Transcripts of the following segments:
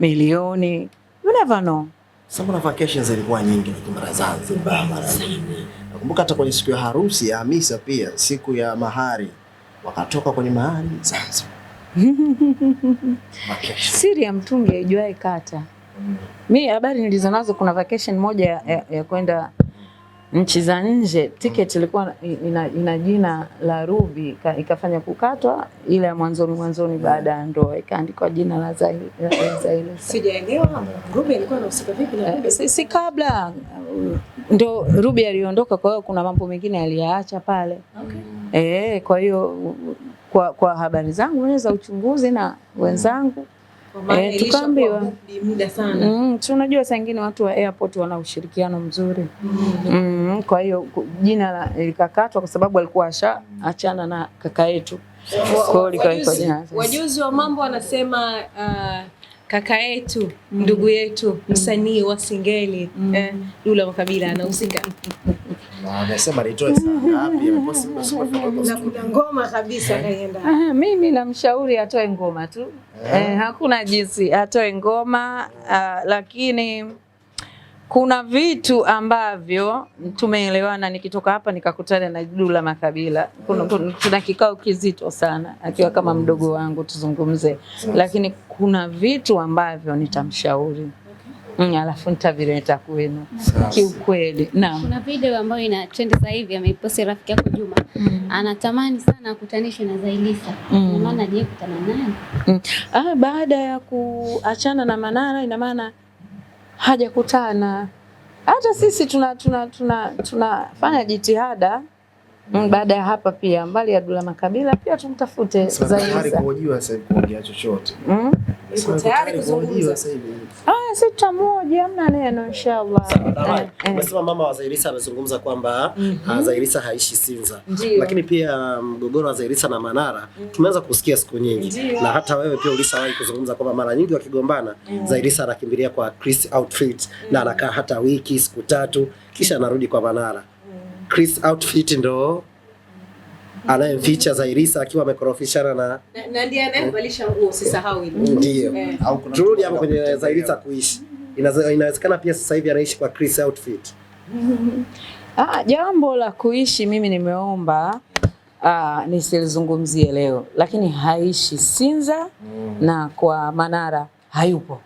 milioni, you never know. Sambona vacations zilikuwa nyingi na Zanzibar mara nyingi. Nakumbuka hata kwenye siku ya harusi ya Hamisa pia siku ya mahari wakatoka kwenye mahari Zanzibar. Siri ya mtungi aijuae kata. Mi habari nilizonazo kuna vacation moja ya, ya, ya kwenda nchi za nje tiketi mm. ilikuwa ina, ina jina la Ruby ikafanya kukatwa, ile ya mwanzoni mwanzoni mm. baada ya ndoa ikaandikwa jina la Zailisa. Sijaelewa Ruby alikuwa anahusika vipi na Ruby? Eh, si, si kabla ndo Ruby aliondoka, kwa hiyo kuna mambo mengine aliyaacha pale okay. E, kwa hiyo kwa, kwa habari zangu za uchunguzi na wenzangu mm. Eh, tukaambiwa mm, tunajua saa ingine watu wa airport wana ushirikiano mzuri mm -hmm. Mm, kwa hiyo jina likakatwa kwa sababu alikuwa asha achana na kaka yetu. Wajuzi wa mambo wanasema uh, kaka yetu mm. ndugu yetu mm. msanii wa Singeli mm. eh, Lula Makabila anahusika ngoma kabisa. Eh? mimi namshauri atoe ngoma tu eh, eh hakuna jinsi, atoe ngoma ah, lakini kuna vitu ambavyo tumeelewana, nikitoka hapa nikakutana na Dula Makabila, kuna, kuna, kuna kikao kizito sana, akiwa kama mdogo wangu tuzungumze, lakini kuna vitu ambavyo nitamshauri mm, alafu nitavileta kwenu kiukweli. Naam, kuna video ambayo ina trend sasa hivi ameiposti rafiki yako Juma mm. anatamani sana akutanishe na Zailisa mm. maana je, kutana naye mm. ah, baada ya kuachana na Manara ina maana hajakutana. Hata sisi tuna tuna tuna tunafanya jitihada baada ya hapa pia, mbali ya Dula Makabila pia tumtafute Mm. Ah, Sita moja amna neno inshallah. Eh, eh. Umesema mama wa zairisa amezungumza kwamba ah, mm -hmm. Zailisa haishi Sinza Ndiyo. Lakini pia um, mgogoro wa zairisa na Manara mm. tumeanza kusikia siku nyingi Ndiyo. Na hata wewe pia ulishawahi kuzungumza kwamba mara nyingi wakigombana mm. Zailisa anakimbilia kwa Chris outfit mm. na mhm. anakaa hata wiki siku tatu kisha anarudi kwa Manara mm. Chris outfit ndo anayemficha Zairisa akiwa amekorofishana na na ndiye anayevalisha nguo, usisahau hilo. Ndio. Eh. Trudy hapo kwenye Zairisa kuishi. Inawezekana pia sasa hivi anaishi kwa Chris outfit. Ah, jambo la kuishi mimi nimeomba ah, nisilizungumzie leo, lakini haishi Sinza mm. na kwa Manara hayupo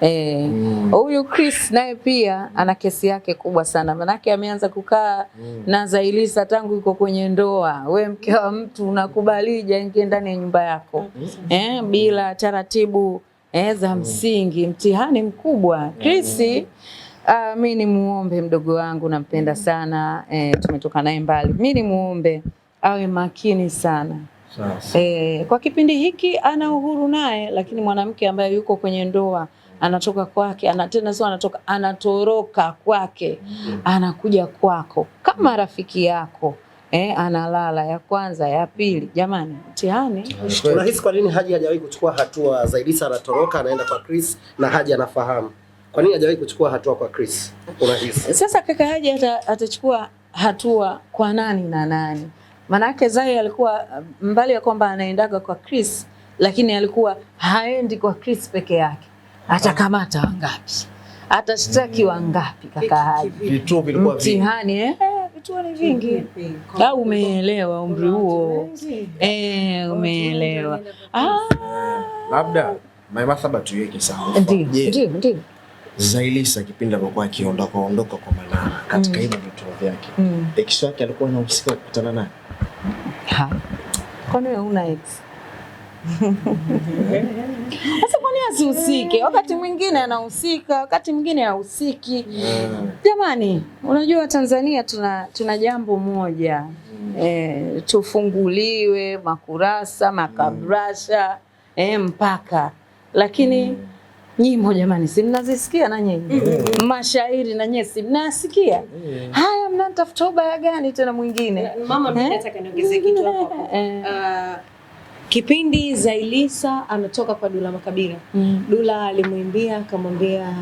Eh, mm. Huyu mm. Chris naye pia ana kesi yake kubwa sana, manake ameanza kukaa mm. na Zailisa tangu yuko kwenye ndoa. We mke wa mtu unakubalija ingie ndani ya nyumba yako mm. eh, bila taratibu eh, za mm. msingi. Mtihani mkubwa mm. Chris Uh, mi ni muombe mdogo wangu nampenda sana eh, tumetoka naye mbali. Mi ni muombe awe makini sana eh, kwa kipindi hiki ana uhuru naye, lakini mwanamke ambaye yuko kwenye ndoa anatoka kwake ana, tena sio anatoka, anatoroka kwake mm. anakuja kwako kama mm. rafiki yako eh, analala ya kwanza ya pili. Jamani, mtihani. Unahisi kwa nini Haji hajawahi kuchukua hatua zaidi? Sana anatoroka anaenda kwa Chris na Haji anafahamu. Kwa nini hajawahi kuchukua hatua kwa Chris? Unahisi sasa kaka Haji atachukua hatua kwa nani na nani? Maanake Zai alikuwa mbali ya kwamba anaendaga kwa Chris, lakini alikuwa haendi kwa Chris peke yake atakamata wangapi, atashtaki wangapi? Kaka Haji, vituo vilikuwa vingi, mtihani eh? Vituo ni vingi, au ah, umeelewa? Umri huo eh, umeelewa? Ah, labda Maimasaba tuiweke sawa, ndio ndio ndio. Zailisa kipindi alipokuwa akiondoka ondoka kwa Manara mm. katika hivyo vituo vyake, mm. ex wake alikuwa anahusika kukutana naye. Kwani wewe una ex? Sasa kwa asihusike? Eh. Wakati mwingine anahusika, wakati mwingine hahusiki. Eh. Jamani, unajua Tanzania tuna, tuna jambo moja e, tufunguliwe makurasa makabrasha e, mpaka lakini mm. nyimbo jamani, si mnazisikia na nyinyi mashairi na nyinyi si mnasikia haya, mnatafuta ubaya gani tena mwingine? Mama, mimi nataka niongezee kitu hapo. Ah, Kipindi Zailisa anatoka kwa Dula Makabila mm. Dula alimwimbia akamwambia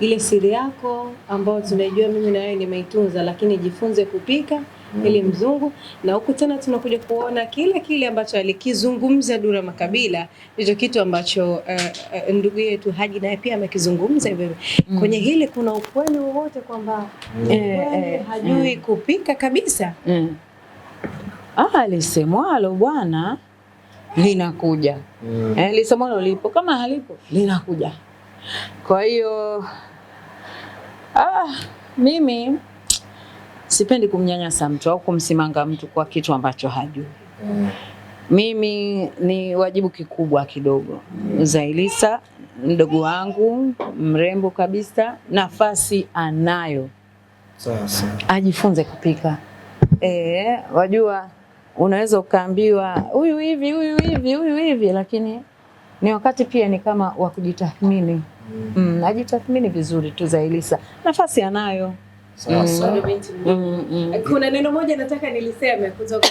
ile siri yako ambayo tunaijua mimi na wewe nimeitunza, lakini jifunze kupika mm. ili mzungu. Na huku tena tunakuja kuona kile kile ambacho alikizungumza Dula Makabila, ndicho kitu ambacho uh, uh, ndugu yetu Haji naye pia amekizungumza mm. kwenye hili kuna ukweli wowote kwamba mm. eh, eh mm. hajui mm. kupika kabisa mm. Ah, alisemwalo bwana linakuja mm. Eh, lisomalo lipo, kama halipo linakuja. Kwa hiyo ah, mimi sipendi kumnyanyasa mtu au kumsimanga mtu kwa kitu ambacho hajui mm. Mimi ni wajibu kikubwa kidogo mm. Zailisa mdogo wangu mrembo kabisa, nafasi anayo sasa, ajifunze kupika e, wajua unaweza ukaambiwa huyu hivi huyu hivi huyu hivi, lakini ni wakati pia ni kama wa kujitathmini. Mm, mm ajitathmini vizuri tu Zailisa, nafasi anayo. Mm. Mm, Kuna neno moja nataka niliseme kutoka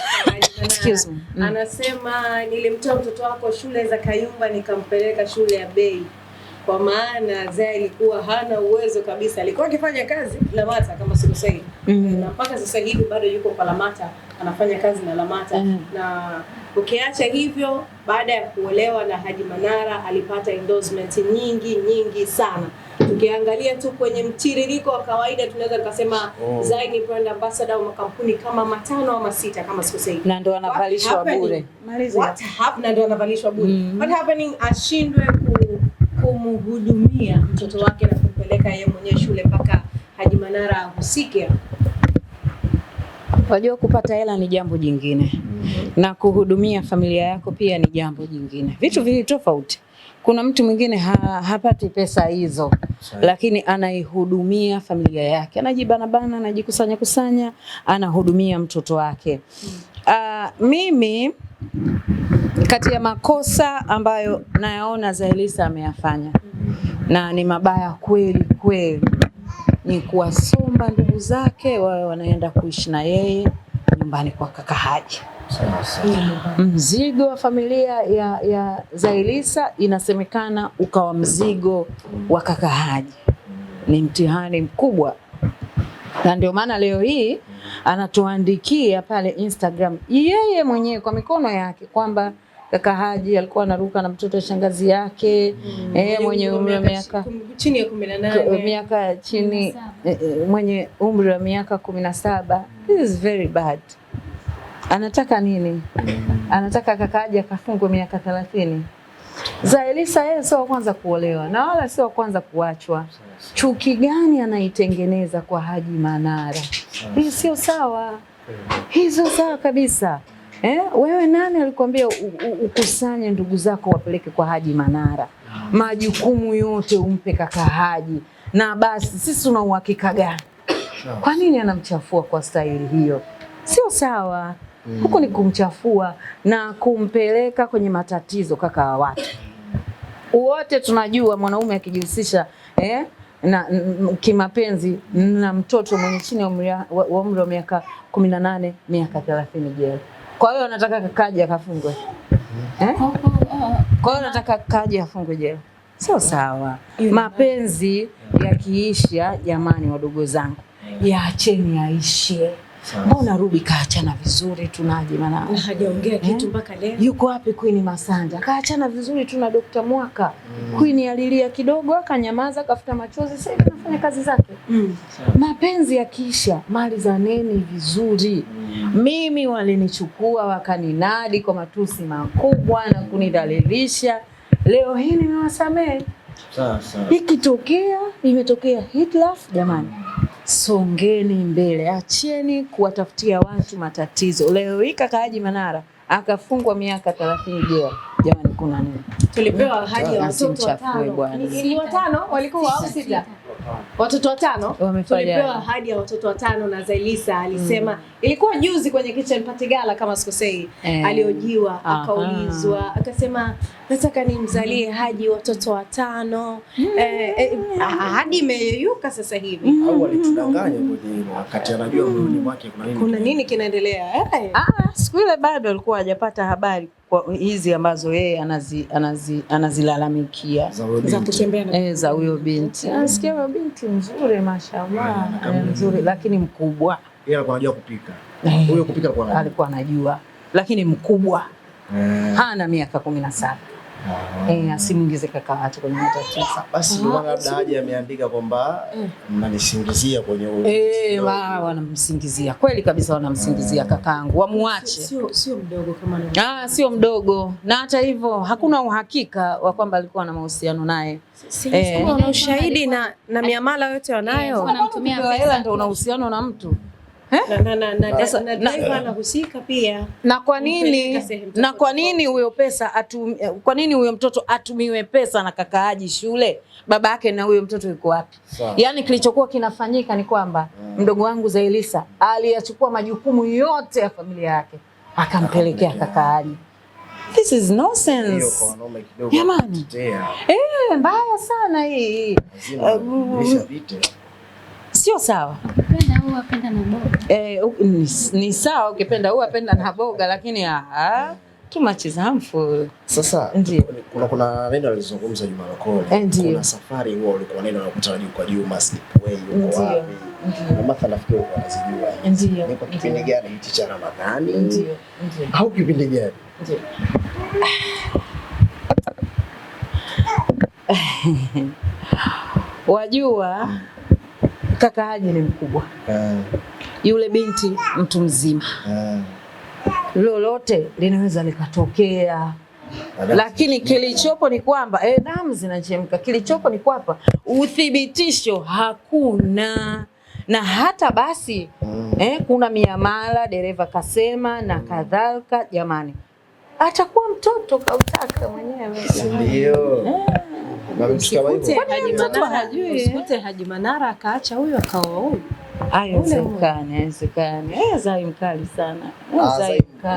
anasema, nilimtoa mtoto wako shule za Kayumba nikampeleka shule ya Bei kwa maana Zai alikuwa hana uwezo kabisa, alikuwa akifanya kazi Lamata kama sikosei mm. Mm-hmm. na mpaka sasa hivi bado yuko kwa Lamata anafanya kazi na Lamata mm. na ukiacha hivyo, baada ya kuolewa na Haji Manara alipata endorsement nyingi nyingi sana. Tukiangalia tu kwenye mtiririko wa kawaida tunaweza tukasema oh. Zai ni brand ambassador wa makampuni kama matano ama sita kama sikosei, na ndo anavalishwa bure, what Na ndo anavalishwa bure, what happening, ashindwe ku kumhudumia mtoto wake na kumpeleka yeye mwenyewe shule mpaka Haji Manara ahusike? Wajua, kupata hela ni jambo jingine mm -hmm. na kuhudumia familia yako pia ni jambo jingine, vitu vili tofauti. Kuna mtu mwingine ha, hapati pesa hizo lakini anaihudumia familia yake, anajibanabana, anajikusanya kusanya, anahudumia mtoto wake mm. Uh, mimi kati ya makosa ambayo nayaona Zailisa ameyafanya na ni mabaya kweli kweli, ni kuwasomba ndugu zake wawe wanaenda kuishi na yeye nyumbani kwa kaka Haji. Mzigo wa familia ya, ya Zailisa inasemekana ukawa mzigo wa kaka Haji. Ni mtihani mkubwa, na ndio maana leo hii anatuandikia pale Instagram yeye mwenyewe kwa mikono yake kwamba kaka Haji alikuwa anaruka na mtoto wa shangazi yake mm. eh, mwenye umri wa miaka chini ya 18 miaka chini eh, eh, mwenye umri wa miaka kumi na saba. This is very bad. Anataka nini? Anataka kaka Haji akafungwe miaka thelathini. zaelisa yeye sio wa kwanza kuolewa na wala sio wa kwanza kuachwa. Chuki gani anaitengeneza kwa Haji Manara? Hii sio sawa, hii sio sawa kabisa. Eh, wewe nani alikwambia ukusanye ndugu zako wapeleke kwa Haji Manara? Majukumu yote umpe kaka Haji, na basi sisi tuna uhakika gani? Kwa nini anamchafua kwa staili hiyo? Sio sawa. Mm. Huko ni kumchafua na kumpeleka kwenye matatizo kaka wa watu wote. Tunajua mwanaume akijihusisha eh, na mm, kimapenzi na mtoto mwenye chini ya umri wa miaka kumi na miaka thelathini jela. Kwa hiyo nataka kakaje akafungwe eh? Kwa hiyo nataka kakaje afungwe jela, sio sawa. Mapenzi yakiisha, jamani, wadogo zangu, yaacheni yaishe. Mbona Ruby kaachana vizuri tunaje maana? Na hajaongea kitu eh? mpaka leo. Yuko wapi Queen Masanja? Kaachana vizuri tu na Dr. Mwaka. Mm. Queen alilia kidogo akanyamaza akafuta machozi sasa hivi anafanya kazi zake. Mm. Mapenzi yakiisha mali za neni vizuri. Mm. Mimi walinichukua wakaninadi kwa matusi makubwa na kunidhalilisha. Leo hii nimewasamehe. Sasa. Ikitokea imetokea Hitler jamani. Mm. Songeni mbele, acheni kuwatafutia watu matatizo. Leo hii kaka Haji Manara akafungwa miaka thelathini jela. Jamani, kuna nini? Tulipewa ahadi ya watoto watano, watano walikuwa au sita watoto watano tulipewa ahadi ya watoto watano na Zailisa alisema mm. Ilikuwa juzi kwenye kitchen party gala kama sikosei eh. Aliojiwa akaulizwa akasema nataka nimzalie mm. Haji watoto watano mm. Eh, eh, ah, ahadi imeyeyuka sasa hivi mm. Au alitudanganya wakati anajua mm. mwake kuna nini kinaendelea eh. Ah, siku ile bado alikuwa hajapata habari kwa hizi ambazo yeye anazi, anazi, anazilalamikia za kutembea eh, za huyo binti. Nasikia huyo binti mzuri, mashallah eh, mzuri, lakini mkubwa. Yeye alikuwa anajua kupika, eh, huyo kupika alikuwa anajua, lakini mkubwa hana miaka kumi na saba. Eh, asimuingize kaka watu kwenye matatizo. Basi ndio maana labda haja ameandika kwamba mnanisingizia kwenye huyo. Eh, wao wanamsingizia. Kweli kabisa wanamsingizia kakaangu. Wamuache. Sio sio mdogo kama ni. Ah, sio mdogo. Na hata hivyo hakuna uhakika wa kwamba alikuwa na mahusiano naye. Eh, kuna ushahidi na na miamala yote wanayo. Wanamtumia hela ndio una uhusiano na mtu. Eh? na kwa nini na kwa nini huyo pesa atu, kwa nini huyo mtoto atumiwe pesa na kakaaji shule, baba yake na huyo mtoto yuko wapi? Yaani kilichokuwa kinafanyika ni kwamba mm. mdogo wangu Zailisa aliyachukua majukumu yote ya familia yake akampelekea kakaaji. This is nonsense. Jamani. Eh, mbaya sana hii sio sawa. Eh, ni, sawa ukipenda huwa penda na boga lakini ah too much is harmful. Sasa ndio kuna kuna neno alizungumza Juma Lokole. Eh, kuna safari huwa ulikuwa neno unakutana juu kwa juu must way uko wapi. Ndio. Ni kwa kipindi gani hichi cha Ramadhani? Ndio. Au kipindi gani? Ndio. Wajua kaka Haji ni mkubwa eh. Yule binti mtu mzima eh. Lolote linaweza likatokea lakini kilichopo ni kwamba eh, damu zinachemka. Kilichopo ni kwamba uthibitisho hakuna, na hata basi mm. eh, kuna miamala dereva kasema na mm. kadhalika. Jamani, atakuwa mtoto kautaka mwenyewe, ndio eh. Usikute Haji Manara akaacha huyu akaoa huyu. Haiwezekani, haiwezekani. Zai mkali sana. Ah, Zai mkali.